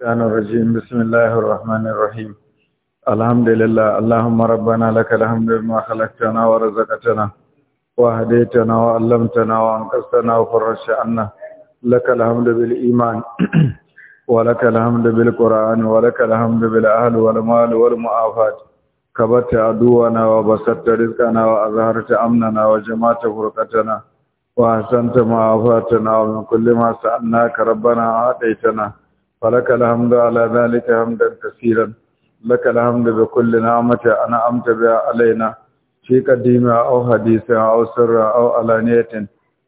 الشيطان الرجيم بسم الله الرحمن الرحيم الحمد لله اللهم ربنا لك الحمد بما خلقتنا ورزقتنا وهديتنا وعلمتنا وانقذتنا وفرجت عنا لك الحمد بالإيمان ولك الحمد بالقرآن ولك الحمد بالأهل والمال والمعافات كبرت عدونا وبسطت رزقنا وأظهرت أمننا وجمعت فرقتنا وأحسنت معافاتنا ومن كل ما سألناك ربنا أعطيتنا فلك الحمد على ذلك حمدا كثيرا لك الحمد بكل نعمة أنا أمت بها علينا في قديمة أو حديث أو سر أو علانية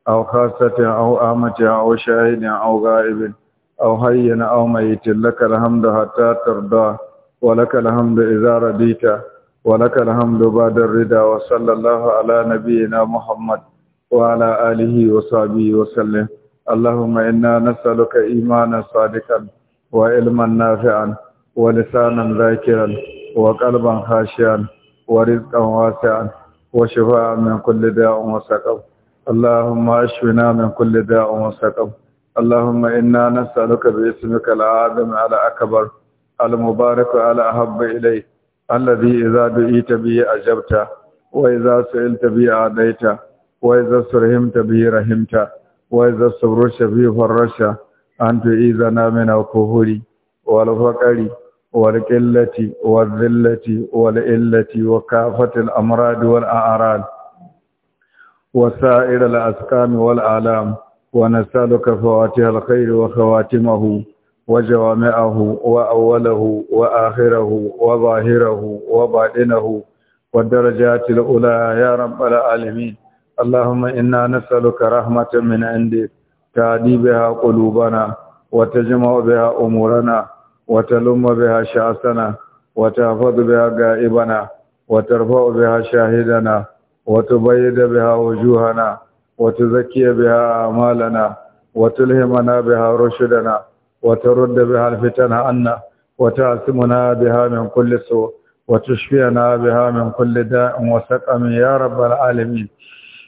أو خاصة أو آمة أو شاهد أو غائب أو حي أو ميت لك الحمد حتى ترضى ولك الحمد إذا رديت ولك الحمد بعد الرضا وصلى الله على نبينا محمد وعلى آله وصحبه وسلم اللهم إنا نسألك إيمانا صادقا وعلما نافعا ولسانا ذاكرا وقلبا خاشعا ورزقا واسعا وشفاء من كل داء وسقم اللهم اشفنا من كل داء وسقم اللهم انا نسالك باسمك العظيم على اكبر المبارك على احب اليك الذي اذا دعيت به اجبت واذا سئلت به اعطيت واذا سرهمت به رحمت واذا استبرشت به فرشت an tu'izana min al-kufri wal faqri wal qillati wal dhillati wal illati wa kafati al-amrad wal a'rad wa sa'ir al-asqam wal alam wa nas'aluka fawatiha al-khair wa khawatimahu wa jawami'ahu wa awwalahu wa akhirahu wa zahirahu wa badinahu wa darajatil ula ya rabbal alamin allahumma inna nas'aluka rahmatan min indik تهدي بها قلوبنا وتجمع بها أمورنا وتلم بها شأسنا وتحفظ بها غائبنا وترفع بها شاهدنا وتبيد بها وجوهنا وتزكي بها أعمالنا وتلهمنا بها رشدنا وترد بها الفتن عنا وتعصمنا بها من كل سوء وتشفينا بها من كل داء وسقم يا رب العالمين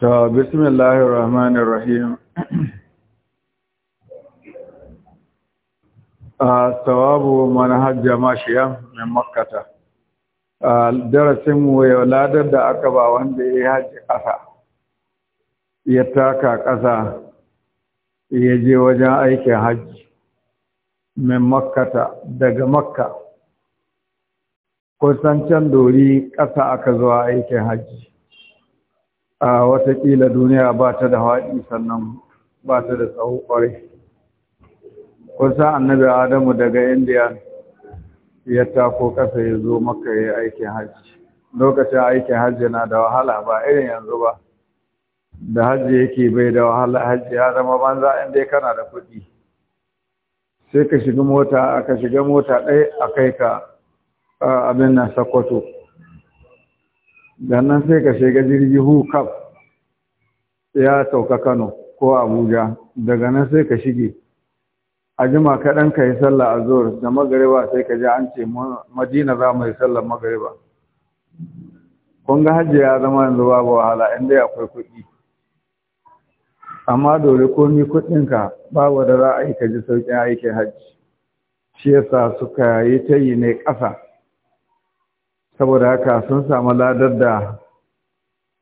ta bismillahi rahmanir rahim ah, sawabu mana hajja mashiya min makkata ah, darasin mu ya ladar da aka ba wanda ya haji ƙasa ya taka ƙasa ya je wajen aikin hajji min makkata daga makka kusan can dori ƙasa aka zuwa aikin hajji a watakila duniya ba ta da haɗi sannan ba ta da tsawo ƙwarai kusa annabi adamu daga indiya ya tako ƙasa ya zo maka ya aikin hajji lokacin aikin hajji na da wahala ba irin yanzu ba da hajji yake bai da wahala hajji ya zama banza inda kana da kuɗi sai ka shiga mota ɗaya a kai ka abin nan sakwato dan nan sai ka shiga jirgi hukab ya sauka Kano ko Abuja daga nan sai ka shige a jima kaɗan ka yi sallah a zuwar da magariba sai ka ji an ce madina za mu yi sallar magariba kun ga hajji ya zama yanzu babu wahala inda dai akwai kuɗi amma dole komi kuɗinka babu da za a yi ka ji sauƙin aikin hajji shi yasa suka yi ta yi ne ƙasa saboda haka sun samu ladar da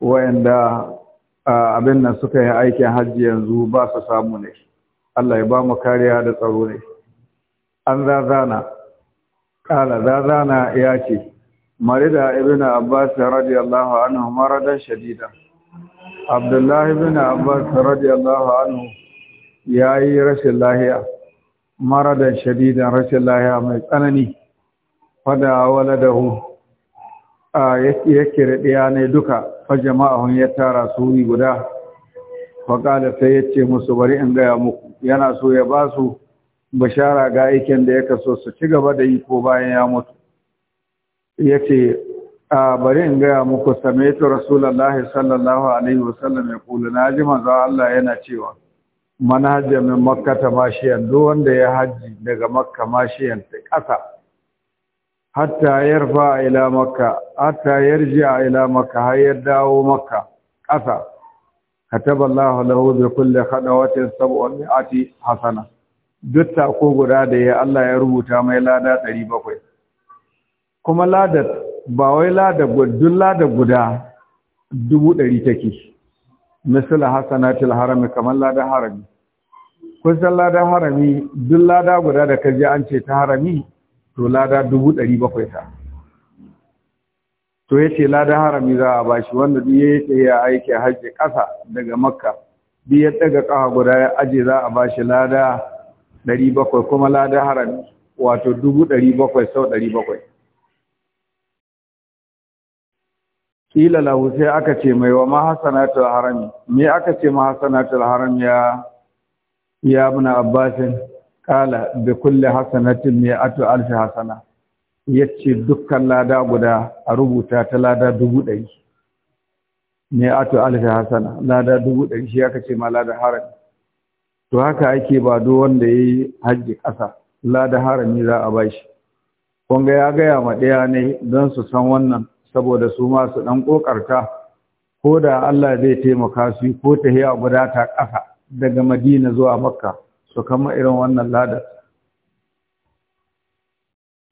wayanda abin nan suka yi aikin hajji yanzu ba su samu ne Allah ya ba mu kariya da tsaro ne an zazana Ƙala zazana ya ce marida ibn abbas radiyallahu anhu maradan shadida abdullahi ibn abbas radiyallahu anhu ya yi rashin lahiya maradan shadidan rashin lahiya mai tsanani fada waladahu ya kira ɗaya ne duka fa jama'ahun ya tara su wuri guda faƙada sai ya ce musu bari in gaya muku yana so ya ba su bashara ga aikin da ya kaso su ci gaba da yi ko bayan ya mutu ya ce bari in gaya muku samaitu rasulallahi sallallahu alaihi wasallam ya kula na ji manzo Allah yana cewa man hajja makka ta mashiyan duk wanda ya hajji daga makka mashiyan ta ƙasa hatta yarfa ila makka hatta yarji'a ila makka har ya dawo makka ƙasa kataba Allah lahu bi kulli khadawatin sab'un mi'ati hasana duk ko guda da ya Allah ya rubuta mai lada 700 kuma lada ba wai lada gudun lada guda dubu ɗari take misal hasanatil harami kamar ladan harami kun san ladan harami duk lada guda da kaji an ce ta harami to lada dubu ɗari bakwai ta to ya ce lada harami za a bashi wanda duk ya yi ya aiki hajji ƙasa daga makka duk ya ɗaga ƙafa guda ya aje za a bashi lada ɗari bakwai kuma lada harami wato dubu ɗari bakwai sau ɗari bakwai kila lahu sai aka ce mai wa mahasanatul harami me aka ce mahasanatul harami ya ya ibn abbasin kala bi kulli hasanatin mi'atu alfi hasana yace dukkan lada guda a rubuta ta lada dubu ɗari mi'atu alfi hasana lada dubu ɗari shi aka ce ma lada harami to haka ake ba duk wanda ya yi hajji ƙasa lada harami za a ba shi. kunga ya gaya ma ɗaya ne don su san wannan saboda su ma su ɗan ƙoƙarta ko da Allah zai taimaka su ko ta hiya guda ta ƙasa daga Madina zuwa Makka su kama irin wannan ladar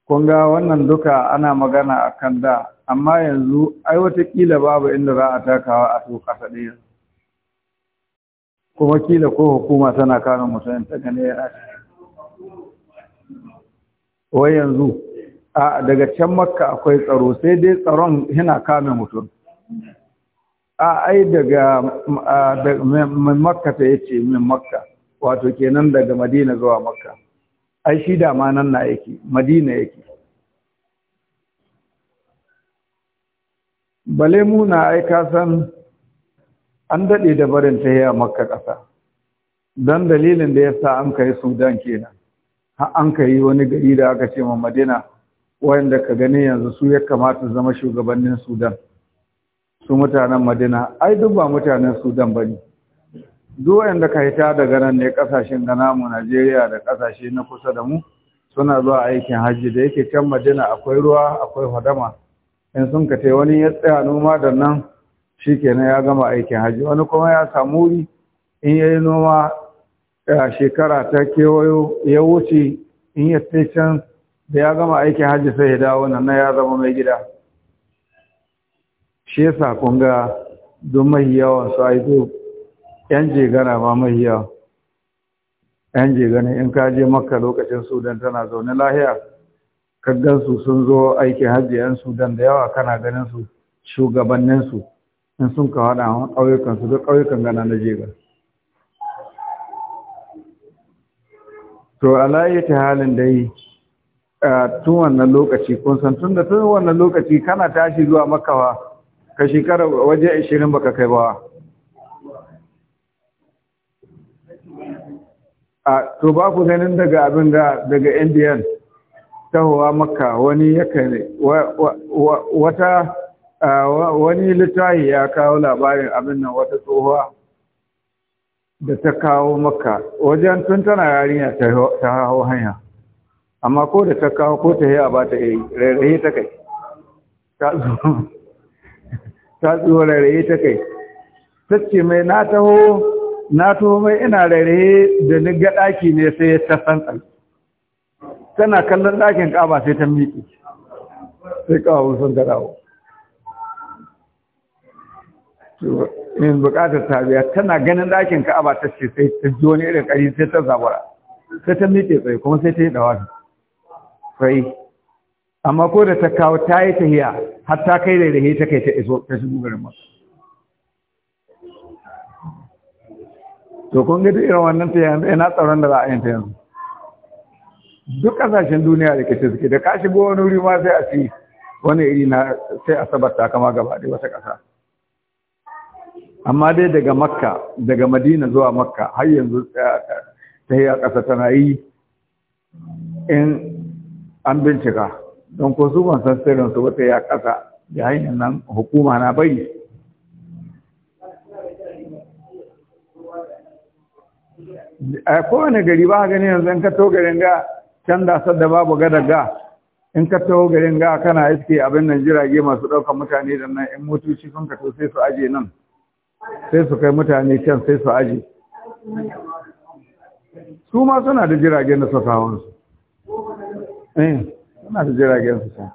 kunga wannan duka ana magana a kan da amma yanzu ai watakila babu inda za a takawa a su ƙasa ɗaya kuma kila ko hukuma tana kare mutum ta gane ya wai yanzu a daga can makka akwai tsaro sai dai tsaron yana kame mutum a ai daga min makka ta yace min makka wato kenan daga madina zuwa makka ai shi da ma nan na yake madina yake bale muna ai ka san an daɗe da barin ta a makka ƙasa don dalilin da ya sa an kai sudan kenan har an kai wani gari da aka ce ma madina wanda ka gani yanzu su ya kamata zama shugabannin sudan su mutanen madina ai duk ba mutanen sudan ba ne duk wanda ka hita daga nan ne kasashen da namu Najeriya da kasashe na kusa da mu suna zuwa aikin hajji da yake can Madina akwai ruwa akwai hadama in sun ka tai wani ya tsaya noma da nan shikenan ya gama aikin hajji wani kuma ya samu wuri in yi noma shekara ta kewayo ya wuce in ya tai can da ya gama aikin hajji sai ya dawo nan ya zama mai gida shi yasa kun ga don mai yawan su yan ba mai yawa, yan jegana in ka je makka lokacin sudan tana zaune lahiya kaggansu sun zo aikin hajji yan sudan da yawa kana ganin su shugabanninsu in sun ka hada ƙauyukan su duk ƙauyukan gana na jega to ta halin dai tun wannan lokaci kun san tun da tun wannan lokaci kana tashi zuwa makawa ka shekara waje 20 baka kai ba a to ba ku ganin daga abin da daga indian tahowa makka wani ne wata wani littafi ya kawo labarin abin nan wata tsohuwa da ta kawo makka wajen tun tana yarinya ta hau hanya amma ko da ta kawo ko ta yi ba ta yi rairaye ta kai ta tsohuwa rairaye ta kai ta ce mai na taho na tuho mai ina rairaye da ni ga ɗaki ne sai ya tasan tsal tana kallon ɗakin ƙaba sai ta miƙe sai ƙawawun sun garawo in buƙatar tabiya tana ganin ɗakin ba ta ce sai ta ji wani irin ƙari sai ta zabura sai ta miƙe tsaye kuma sai ta yi dawa sai amma ko da ta kawo ta yi tahiya har ta kai da rahe ta kai ta iso ta shigo garin masu to kun ga irin wannan ta yanzu ina tsaron da za a yin ta yanzu duk kasashen duniya da kace suke da ka shigo wani wuri ma sai a ci wani iri na sai a sabata kama gaba da wata kasa amma dai daga makka daga madina zuwa makka har yanzu eh, ta yi a ƙasa tana yi in an bincika don ko su ban san sirrin su wata ya ƙasa da hanyar nan hukuma na bari a kowane gari ba gani yanzu in ka to garin ga can da sadda babu gada ga in ka to garin ga kana iske abin nan jirage masu ɗaukar mutane da nan in shi sun ka to sai su aje nan sai su kai mutane can sai su aje su ma suna da jiragen da sakawansu eh suna da jiragen su can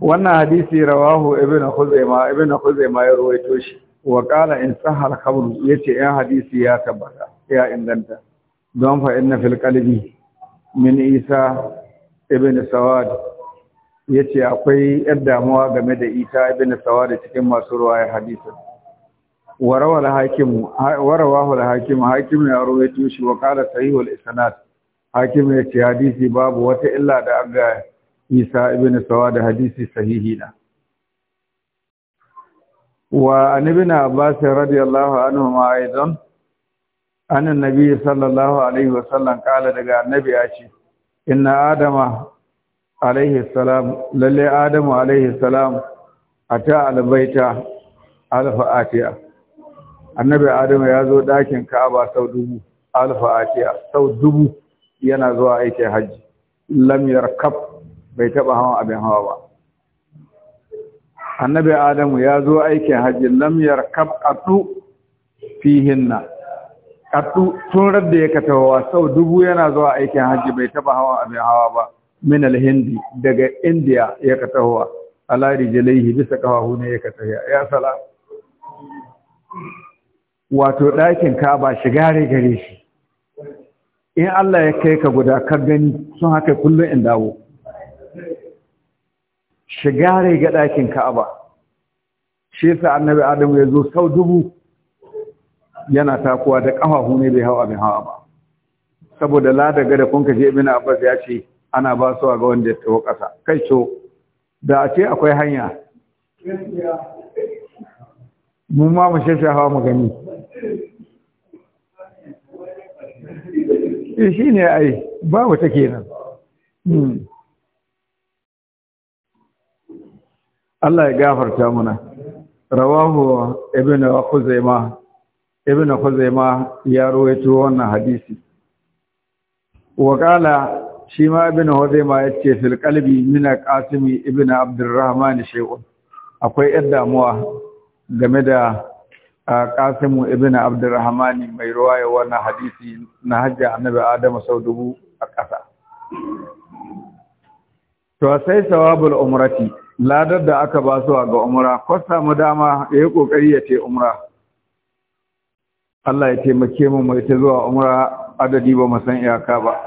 wannan hadisi rawahu ibn khuzaimah ibn khuzaimah ya rawaito shi wa qala in sahal khabru yace ya hadisi ya tabbata ya inganta don fa inna fil qalbi min isa ibn sawad yace akwai yar damuwa game da isa ibn sawad cikin masu ruwaya hadisi warawa al-hakim warawahu al-hakim hakim ya rawaito shi wa qala sahih al-isnad hakim yace hadisi babu wata illa da aga isa ibn sawad hadisi sahihi na وعن ابن عباس رضي الله عنهما أيضا أن النبي صلى الله عليه وسلم قال لك النبي أشي إن آدم عليه السلام للي آدم عليه السلام أتى على بيت ألف آتية النبي آدم يازو داكن كعبة سو دبو ألف آتية سو دبو yana zuwa aikin hajji lam yarkab bai taba hawa abin hawa ba annabi adamu ya zo aikin hajji lamiyar yarkab qatu fihinna qatu tun radda ya katawa sau dubu yana zuwa aikin hajji bai taba hawa abin hawa ba min alhindi hindi daga Indiya ya katawa ala rijlaihi bisa kafahu ne ya katawa ya sala wato ɗakin ka ba shiga gare shi in Allah ya kai ka guda ka gani sun haka kullum in dawo shiga rai ga ɗakin ka'aba shi yasa annabi Adamu ya zo sau dubu yana takuwa da ƙafafu ne bai hau abin hawa ba saboda ladaga da kun je ibn abbas ya ce ana ba su ga wanda ya tawo ƙasa kai co da a ce akwai hanya mun ma mu shashe hawa mu gani eh, shi ne ai babu ta kenan hmm. Allah ya gafarta muna rawahu ibn khuzaima ibn khuzaima ya rawaito wannan hadisi wa qala shi ma ibn khuzaima yace fil qalbi min qasim ibn abdurrahman shay'un akwai yar damuwa game da qasim ibn abdurrahman mai riwaya wannan hadisi na hajja annabi adam sau dubu a ƙasa to sai sawabul umrati ladar da aka ba su ga umra ko samu dama ya yi ƙoƙari ya ce umra Allah ya taimake mu mai ta zuwa umra adadi ba mu san iyaka ba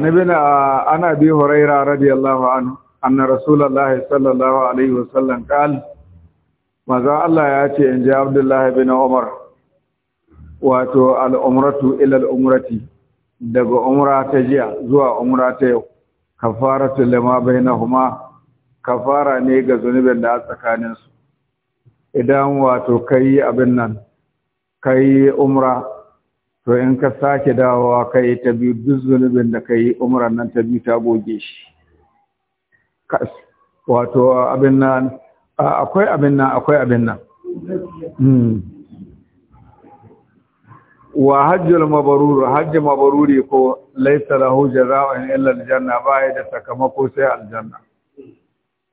na ana bi huraira radiyallahu anhu anna rasulullahi sallallahu alaihi wasallam qal maza Allah ya ce in ji Abdullah bin Umar wato al-umratu ila al-umrati daga umra ta jiya zuwa umra ta yau kafaratu lima bainahuma kafara ne ga zunubin da a tsakanin su idan wato kai abin nan kai umra to in ka sake dawowa kai ta biyu duk zunubin da kai umran nan ta biyu ta goge shi wato abin nan akwai abin nan akwai abin nan hmm. wa hajjul mabrur hajj mabruri ko laysa lahu jazaa'un illa aljanna ya da sakamako sai aljanna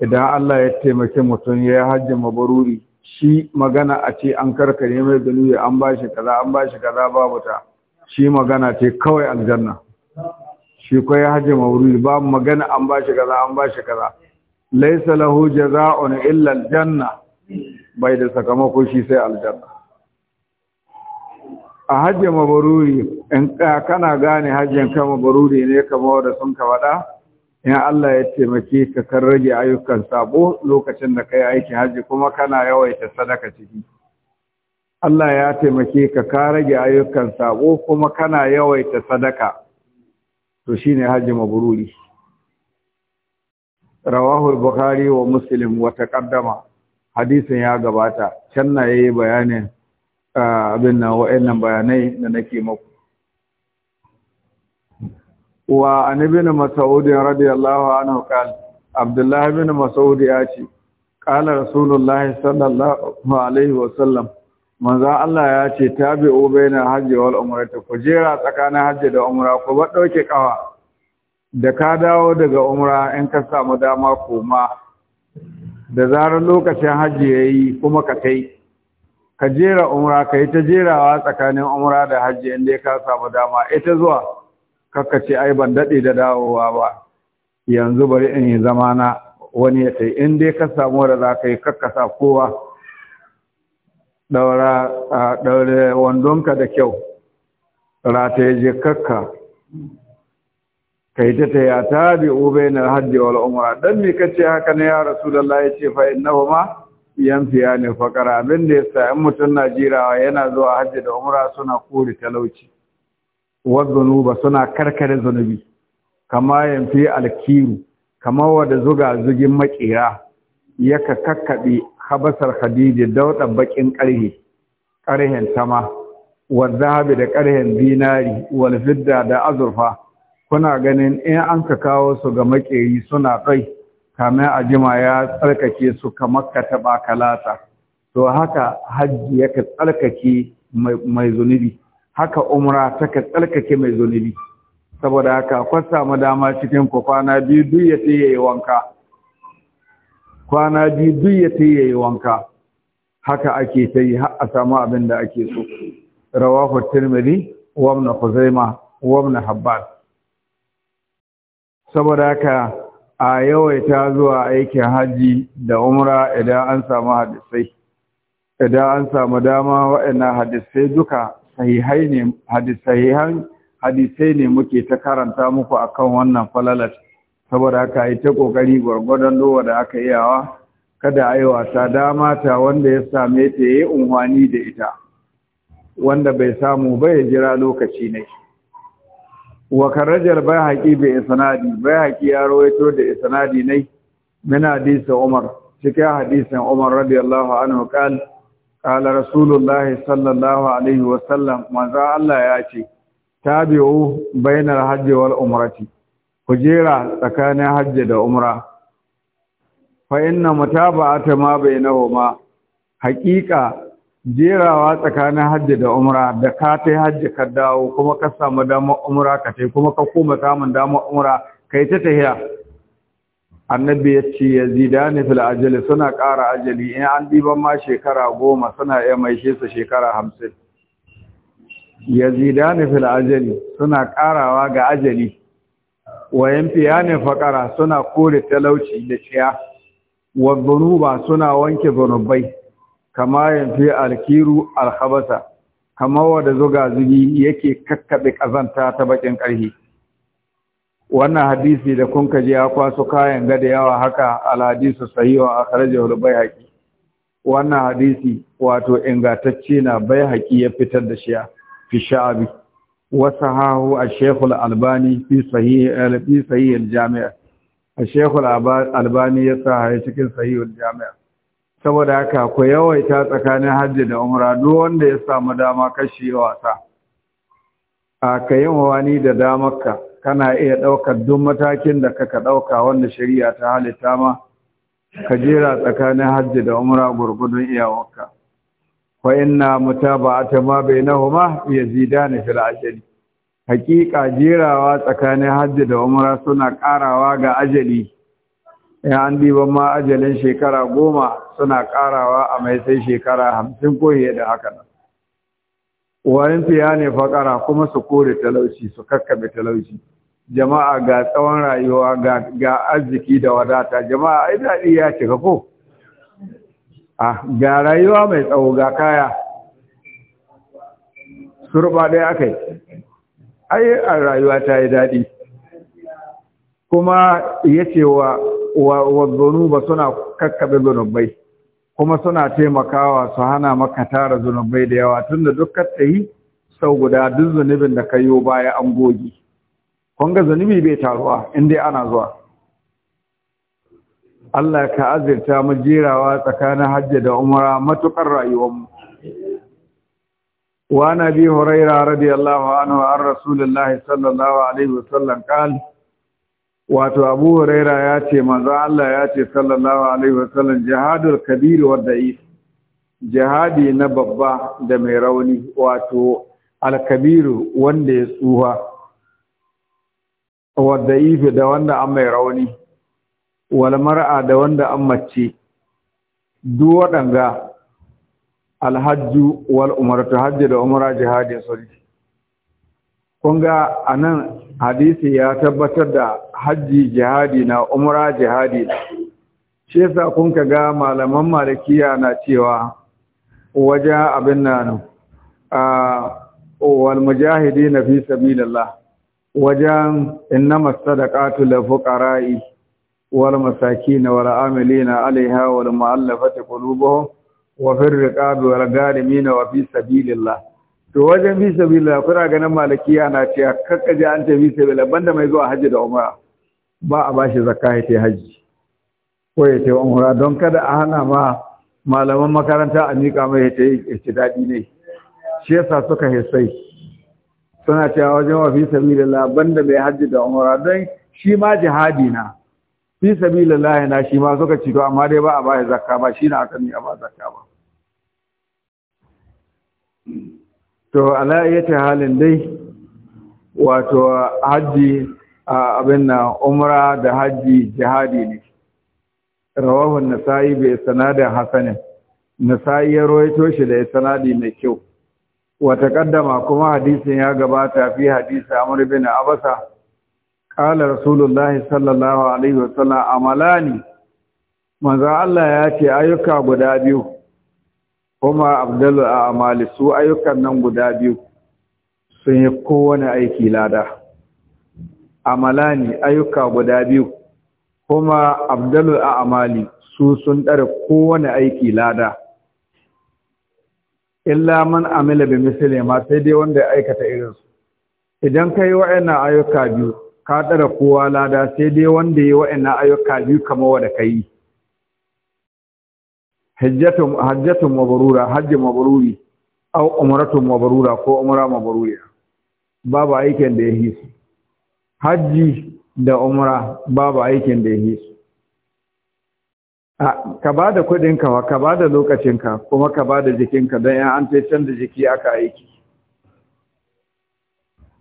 idan Allah ya taimake mutum ya hajj mabruri shi magana a ce an karkare mai zunubi an bashi kaza an bashi kaza babu ta shi magana ce kawai aljanna shi ko ya hajj mabruri babu magana an bashi kaza an bashi kaza laysa lahu jazaa'un illa aljanna bai da sakamako shi sai aljanna a hajji mabaruri in kana gane hajjin ka mabaruri ne kamar da sun ka faɗa in Allah ya taimake ka kan rage ayyukan sabo lokacin da kai aikin hajji kuma kana yawaita sadaka ciki Allah ya taimake ka ka rage ayyukan sabo kuma kana yawaita sadaka to shine hajji mabaruri. rawahu bukhari wa muslim wata taqaddama hadisin ya gabata can na yayi bayanin abin nan wa'annan bayanai da nake muku wa anibin mas'ud radiyallahu anhu qal abdullah ibn mas'ud ya ce qala rasulullah sallallahu alaihi wa sallam manzo Allah ya ce tabi'u baina hajji wal umra ku jera tsakanin hajji da umra ku ba dauke kawa da ka dawo daga umra in ka samu dama ma. da zarar lokacin hajji yayi kuma ka kai ka jera umra ka yi ta jerawa tsakanin umra da hajji inda ya ka samu dama ita zuwa ce ai ban daɗe da dawowa ba yanzu bari in yi zamana wani ya ta in dai ka samu da za ka yi sa kowa ɗaure wandonka da kyau rata ya je kakka kai ta tayata bi ubayna hajji wal umra dan me kace haka ne ya rasulullahi ya ce fa innahuma yanfiya ne fakara abin da sa ‘yan mutum na jirawa yana zuwa hajji da umra suna kori talauci zunuba suna karkare zunubi kama yanfi alkiru kama wadda zuga zugin makera yaka kakkaɓe habasar khadija da bakin ƙarhe, ƙarhen tama wadda da ƙarhen dinari walfidda da azurfa kuna ganin in an ka kawo su ga makeri suna kai kamar a jima ya tsarkake su kamar ka taɓa kalata to haka hajji ya yaka tsarkake mai zunubi haka umra ta taka tsarkake mai zunubi saboda haka kwasa samu dama cikin ku kwana biyu duk ya ta yi wanka kwana biyu duk ya ta yi wanka haka ake ta yi har a samu abin da ake so rawahu tirmidhi wa ibn khuzaima wa ibn saboda haka a yawaita zuwa aikin hajji da umra idan an samu hadisai idan an samu dama waɗannan hadisai duka sahihai ne hadisai ne muke ta karanta muku akan wannan falalat saboda haka yi ta kokari gwargwadon dowa da aka iyawa kada a yi wasa dama ta wanda ya same ta yi unhwani da ita wanda bai samu ba ya jira lokaci ne wa karajar bai haƙi bai isanadi bai haƙi ya rawaito da isanadi ne min hadisi umar cikin hadisin umar radiyallahu anhu qal qala rasulullahi sallallahu alaihi wa sallam manzo Allah ya ce tabi'u bainal hajji wal umrati kujera tsakanin hajji da umra fa inna mutaba'ata ma bainahuma haqiqa jerawa tsakanin hajji da umra da ka ta yi hajji ka dawo kuma ka samu damar umra ka ta kuma ka koma samun damar umra ka yi ta tahiya annabi ya ce ya zida ne fil ajali suna ƙara ajali in an ɗiban ma shekara goma suna iya shi su shekara hamsin ya zida ne fil ajali suna ƙarawa ga ajali wayan fiya ne faƙara suna kore talauci da ciya wa zunuba suna wanke zunubai kama fi alkiru alhabasa kama wanda zuga zugi yake kakkabe ƙazanta ta baƙin karhi wannan hadisi da kun kaji ya kwaso kayan gada yawa haka al hadisu sahihu akhrajahu al-baihaqi wannan hadisi wato ingantacce na bai haƙi ya fitar da shiya fi sha'abi wa sahahu al-shaykh albani fi sahih al sahih albani ya sa cikin sahih al saboda haka ku yawaita tsakanin hajji da umra duk wanda ya samu dama kashi wasa a ka yi wani da damarka kana iya ɗaukar duk matakin da kaka ɗauka wanda shari'a ta halitta ma ka jera tsakanin hajji da umra gurgudun iyawarka fa inna mutaba'ata ma Ya bai zida ni fil ajali hakika jerawa tsakanin hajji da umra suna ƙarawa ga ajali in an diba ma ajalin shekara goma suna ƙarawa a mai sai shekara hamsin ko fiye da haka nan warin fiya ne faƙara kuma su kore talauci su kakkabe talauci jama'a ga tsawon rayuwa ga arziki da wadata jama'a ai daɗi ya cika ko ah, ga rayuwa mai tsawo ga kaya surba ɗaya aka yi ai a rayuwa ta yi daɗi kuma ya ce wa wazzonu ba suna kakkaɓe zunubai kuma suna taimakawa su hana maka tara zunubai da yawa tunda duk yi sau guda duk zunubin da ka yi baya an goge kun ga zunubi bai taruwa inda ana zuwa Allah ka azirta mu jerawa tsakanin hajji da umara matukar rayuwarmu وعن ابي هريره رضي الله عنه عن رسول الله صلى الله wato abu huraira ya ce manzo Allah ya ce sallallahu alaihi wasallam jihadul kabir wa da'if jihadi na babba da mai rauni wato alkabiru wanda ya tsuha wa da'if da wanda an mai rauni wal mar'a da wanda an mace duk waɗanga alhajju wal umratu hajji da umra jihadin sulhi Kunga ga a nan hadisi ya tabbatar da hajji jihadi na umra jihadi na shi yasa kun ka ga malaman malikiya na cewa wajen abin nan a wal mujahidi na fi sabilillah wajen innama sadaqatu lil fuqara'i wal masakin wal na alaiha wal mu'allafati qulubuhum wa fir riqabi wal gharimin wa fi sabilillah to wajen bi sabila kuna ganin malakiya na ce kakka ji an ce bi sabila banda mai zuwa hajji da umara ba a bashi zakka ya ce hajji ko ya ce umara don kada a hana ma malaman makaranta a miƙa mai ya ce ya daɗi ne shi yasa suka hisai suna cewa wajen wa fi sabilillah banda mai hajji da umara don shi ma jihadi na fi ya na shi ma suka ci to amma dai ba a bashi zakka ba shi na aka miƙa ba zakka ba to ala'ayyata halin dai wato hajji abin na umra da hajji jihadi ne rawahun nasa'i bai sanadin hasanin nasa'i ya roito shi da ya sanadi mai kyau wata kaddama kuma hadisin ya gabata fi hadisi amur bin abasa ƙalar rasulullahi sallallahu alaihi wasallam amalani manzo Allah ya ce ayyuka guda biyu kuma abdul a'mali su ayyukan nan guda biyu sun yi kowane aiki lada amalani ayyuka guda biyu kuma abdul a'mali su sun ɗara kowane aiki lada illa man amila bi misali ma sai dai wanda ya aikata irin su idan kai wa'annan ayyuka biyu ka ɗara kowa lada sai dai wanda ya wa'annan ayyuka biyu kamar ka kai hajjatun hajjatun mabrura hajji mabruri au umratun mabrura ko umra mabruriya babu aikin da ya hisu. hajji da umra babu aikin da ya hisu. ka ba da kuɗinka ka ba da lokacinka kuma ka ba da jikinka don yan an can da jiki aka aiki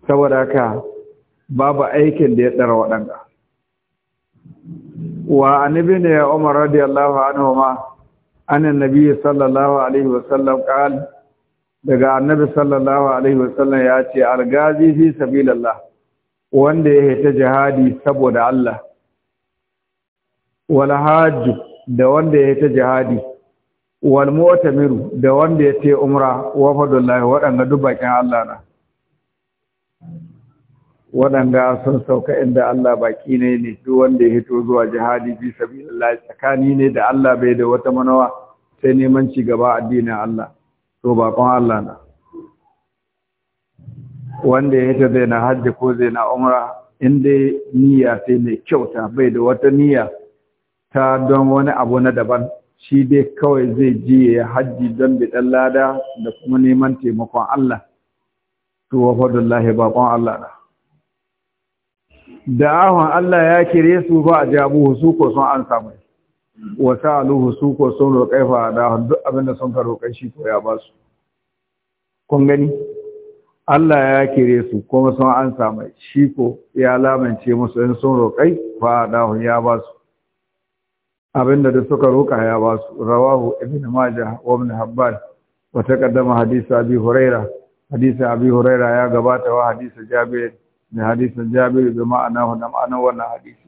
saboda ka babu aikin da ya ɗara waɗanda wa annabi ne umar radiyallahu anhu ma anan nabi sallallahu alaihi wasallam qal daga annabi sallallahu alaihi wasallam ya ce algazi fi sabilillah wanda ya hita jihadi saboda Allah wal hajj da wanda ya hita jihadi wal mu'tamiru da wanda ya ce umra wa fadullahi wadanga dubakin Allah na waɗanda sun sauka inda Allah baki ne ne duk wanda ya hito zuwa jihadi fi sabilillah tsakani ne da Allah bai da wata manawa sai neman ci gaba addinin Allah to baƙon Allah na wanda ya hito zai na hajji ko zai na umra in niyya sai mai kyauta bai da wata niyya ta don wani abu na daban shi dai kawai zai je ya hajji don dan lada da kuma neman taimakon Allah to wa fadullahi baƙon Allah na da ahon Allah ya kire su ba a jabu su ko sun an samu wa sa'aluhu su ko sun roƙai fa da duk abinda sun ka roƙai shi ko ya ba su kun gani Allah ya kire su kuma sun an samu shi ko ya lamance musu in sun roƙai fa da ya ba su abinda da suka roƙa ya ba su rawahu ibn majah wa ibn habban wa taqaddama hadisi abi hurairah hadisi abi hurairah ya gabata wa hadisi jabir da hadisin jabiru bi ma'ana da ma'anar wannan hadisi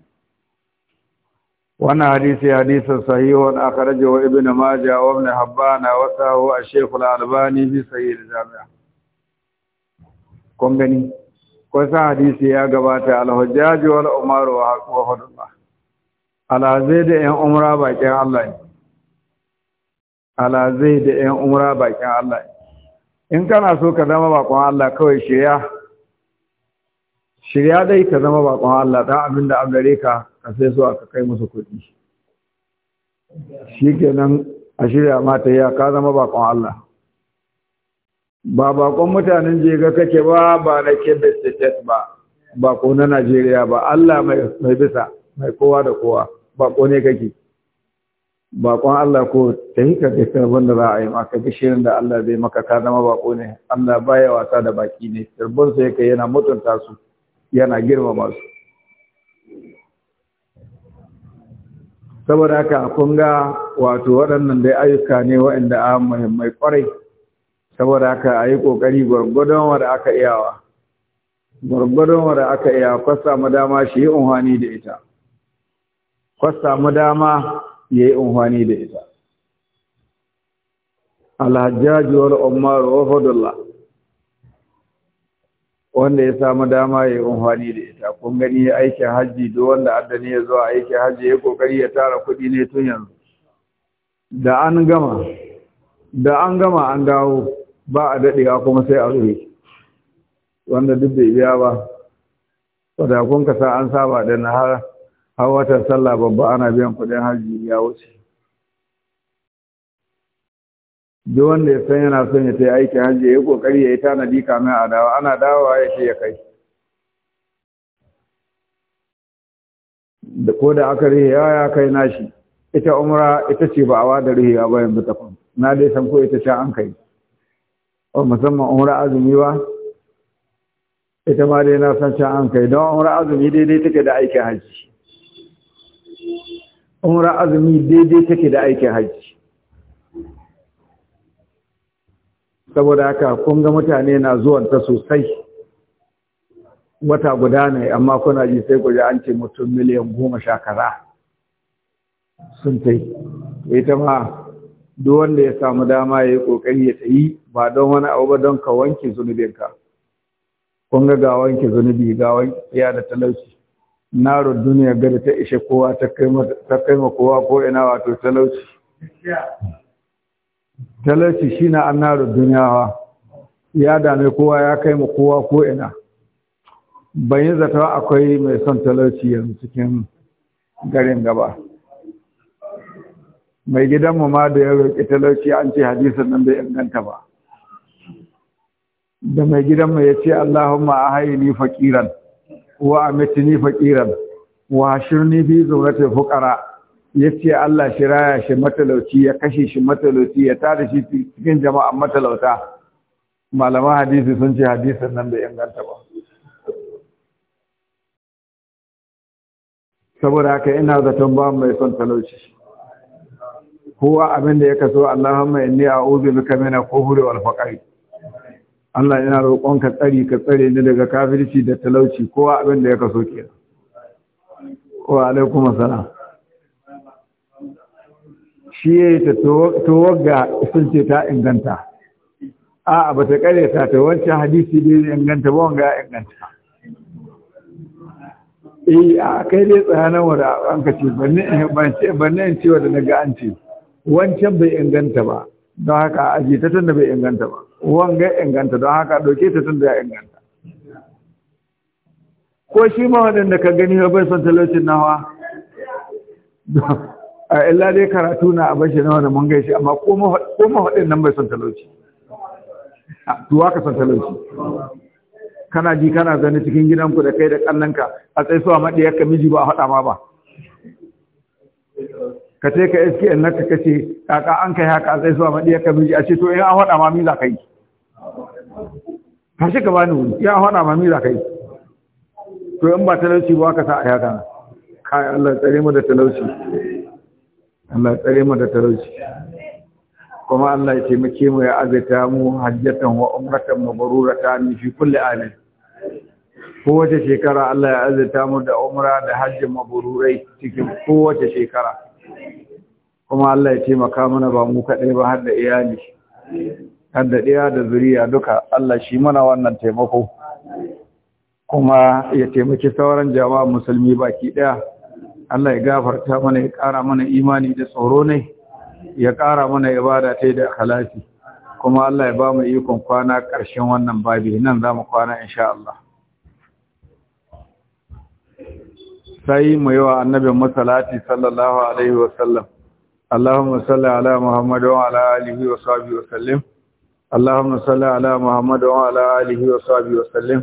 wannan hadisi hadisin sahihun akhrajahu wa ibnu majah wa ibn hibban wa sahu ash-shaykh al-albani bi sahih al-jami' kun gani ko sa hadisi ya gabata al-hujjaj wal umar wa hudullah alazai da yan umra bakin Allah ne alazai da yan umra bakin Allah in kana so ka zama bakon Allah kawai shirya shirya dai ka zama bakon Allah dan abin da an gare ka ka sai zuwa aka kai musu kuɗi kenan a shirya mata ya ka zama bakon Allah ba bakon mutanen jega kake ba ba na da state ba bako na Najeriya ba Allah mai bisa mai kowa da kowa bako ne kake bakon Allah ko ta yi ka kai wanda za a yi maka shirin da Allah zai maka ka zama bako ne Allah baya wasa da baki ne turbin sai kai yana mutunta su yana girmama su saboda haka kun ga wato waɗannan dai ayyuka ne waɗanda a muhimmai kwarai saboda haka a yi ƙoƙari gwargwadon wadda aka iyawa gwargwadon wadda aka iya kwasa mu dama shi yi unhwani da ita kwasa mu dama ya yi unhwani da ita alhajjaji wal umar wa fadullah wanda ya samu dama ya yi unhwani da ita kun gani ya aikin hajji duk wanda addani ya zuwa aikin hajji ya kokari ya tara kuɗi ne tun yanzu da an gama da an gama an dawo ba a daɗewa kuma sai a zuwa wanda duk bai biya ba wadda kun kasa an saba da na har watan sallah babba ana biyan kuɗin hajji ya wuce duk wanda ya san yana son ya ta aiki hajji ya yi kokari ya yi tanadi kamin a dawa ana dawowa ya ce ya kai da ko da aka rihe ya kai nashi ita umra ita ce ba a wada rihe a bayan bitafin na dai san ko ita ce an kai o musamman umra azumi ba ita ma dai na san ce an kai don umra azumi daidai take da aikin hajji umra azumi daidai take da aikin hajji saboda haka kun ga mutane na zuwanta sosai wata guda ne amma kuna ji sai guje an ce mutum miliyan goma sha kaza sun ta yi ita ma duk wanda ya samu dama ya yi ƙoƙari ya ta yi ba don wani abu ba don ka wanke zunubinka kun ga ga wanke zunubi ga wanke ya da talauci na duniya gada ta ishe kowa ta kai ma kowa ko ina wato talauci talauci shi na naru duniyawa ya dame kowa ya kai mu kowa ko ina bayan zata akwai mai son talauci yanzu cikin garin gaba mai gidanmu ma da ya roƙi talauci an ce hadisin nan bai inganta ba da mai gidanmu ya ce Allahumma a ni faƙiran wa ni faƙiran wa shirni bi zauratin fuƙara ya ce Allah shi raya shi matalauci ya kashe shi matalauci ya tada shi cikin jama'a matalauta malaman hadisi sun ce hadisin nan bai inganta ba saboda haka ina zaton ba mai son talauci kowa abin da ya kaso Allahumma inni a'udhu bika min al-kufri wal faqr Allah ina roƙonka tsari ka tsare ni daga kafirci da talauci kowa abin da ya kaso kenan wa alaikum assalam shi ya yi ta ga sun ce ta inganta a ba ta kare ta ta wancan hadisi da inganta ba wanga ya inganta e a kai dai tsananin wada an ka ce banne in ce wada daga an ce wancan bai inganta ba don haka aji ta tunda bai inganta ba wanga inganta don haka ɗauke ta tunda ya inganta ko shi ma waɗanda ka gani ba bai son talocin nawa a illa dai karatu na a bashi na wani mun gaishe amma ko haɗin nan bai son talauci tuwa ka son talauci kana ji kana zane cikin gidanku da kai da ƙannanka a maɗiyar ka miji ba a haɗa ma ba ka ce ka iske in naka kace kaka an kai haka a maɗiyar ka miji a ce to in an haɗa ma mi za ka yi har shi bani wuri ya haɗa ma mi za ka yi to in ba talauci ba ka sa a yaka kayan Allah tsare mu da talauci Allah ya tsare mu da talauci kuma Allah ya taimake mu ya azata mu hajjatan wa umratan mabruratan fi kulli amin kowace shekara Allah ya azata mu da umra da hajji mabrurai cikin kowace shekara kuma Allah ya taimaka mana ba mu kadai ba har da iyali har da ɗaya da zuriya duka Allah shi mana wannan taimako kuma ya taimaki sauran jama'a musulmi baki ɗaya Allah ya gafarta mana ya ƙara mana imani da tsoro ne ya ƙara mana ibada ta da halasi kuma Allah ya ba mu ikon kwana ƙarshen wannan babi nan za mu kwana insha Allah sai mu yi wa annabin masalati sallallahu alaihi wa sallam. Allahumma salli ala Muhammad wa ala alihi wa sahbihi wa sallim Allahumma salli ala Muhammad wa ala alihi wa sahbihi wa sallim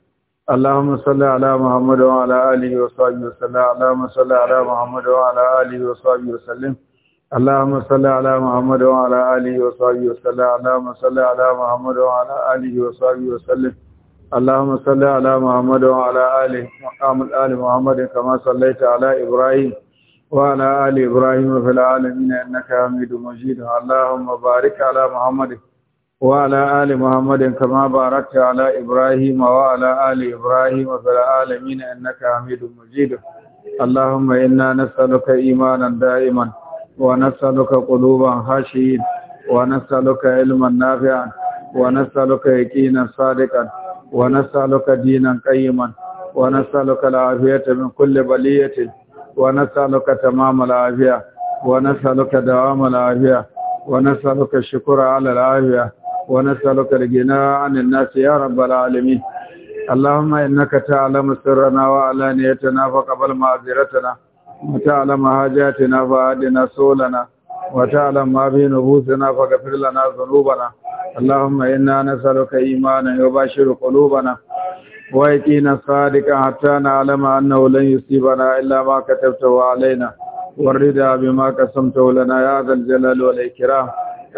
اللهم صل على محمد وعلى آله وصحبه وسلم اللهم صل على محمد وعلى آله وصحبه وسلم اللهم صل على محمد وعلى آله وصحبه وسلم اللهم صل على محمد وعلى آله وصحبه وسلم اللهم صل على محمد وعلى آله آل محمد كما صليت على إبراهيم وعلى آل إبراهيم في العالمين إنك حميد مجيد اللهم بارك على محمد وعلى آل محمد كما باركت على إبراهيم وعلى آل إبراهيم في العالمين إنك حميد مجيد اللهم إنا نسألك إيمانا دائما ونسألك قلوبا خاشعين ونسألك علما نافعا ونسألك يقينا صادقا ونسألك دينا قيما ونسألك العافية من كل بلية ونسألك تمام العافية ونسألك دوام العافية ونسألك الشكر على العافية ونسألك الجناء عن الناس يا رب العالمين اللهم إنك تعلم سرنا وعلانيتنا فقبل معذرتنا وتعلم حاجاتنا فأدنا سولنا وتعلم ما في نفوسنا فاغفر لنا ذنوبنا اللهم إنا نسألك إيمانا يباشر قلوبنا ويقينا صادقا حتى نعلم أنه لن يصيبنا إلا ما كتبته علينا والرضا بما قسمته لنا يا ذا الجلال والإكرام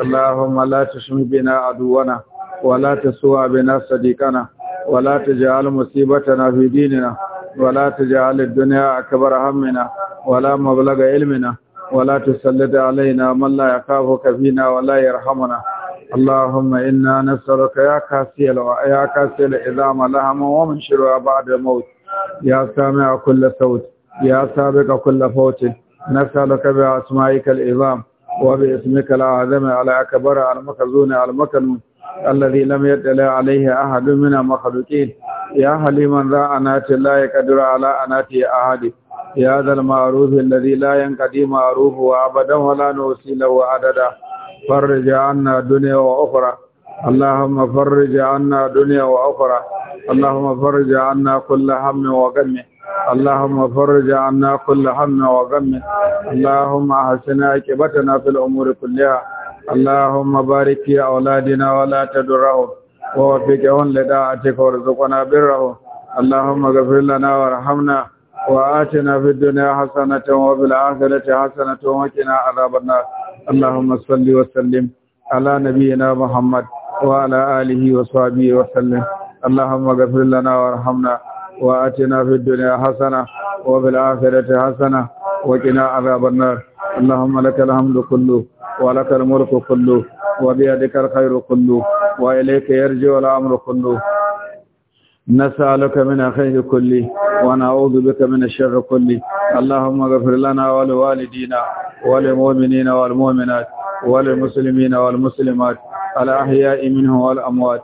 اللهم لا تشم بنا عدونا ولا تسوى بنا صديقنا ولا تجعل مصيبتنا في ديننا ولا تجعل الدنيا أكبر همنا ولا مبلغ علمنا ولا تسلط علينا من لا يخافك فينا ولا يرحمنا اللهم إنا نسألك يا كاسيل يا كاسيل إذام لهم ومن شرها بعد الموت يا سامع كل صوت يا سابق كل فوت نسألك بأسمائك الإظام وباسمك الأعظم على أكبر المخزون المكنون الذي لم يطلع عليه أحد من المخلوقين يا حليما ذا أنات لا يقدر على أنات أحد يا ذا المعروف الذي لا ينقضي معروفه أبدا ولا نوصي له عددا فرج عنا دنيا وأخرى اللهم فرج عنا دنيا وأخرى اللهم فرج عنا كل هم وغم اللهم فرج عنا كل هم وغم اللهم احسن عاقبتنا في الامور كلها اللهم بارك في اولادنا ولا تدرهم ووفقهم لطاعتك وارزقنا برهم اللهم اغفر لنا وارحمنا وآتنا في الدنيا حسنة وفي الآخرة حسنة وقنا عذاب النار اللهم صل وسلم على نبينا محمد وعلى آله وصحبه وسلم اللهم اغفر لنا وارحمنا واتنا في الدنيا حسنه وفي الاخره حسنه وقنا عذاب النار اللهم لك الحمد كله ولك الملك كله وبيدك الخير كله واليك يرجع الامر كله نسالك من خير كله ونعوذ بك من الشر كله اللهم اغفر لنا ولوالدينا وللمؤمنين والمؤمنات وللمسلمين والمسلمات الاحياء منهم والاموات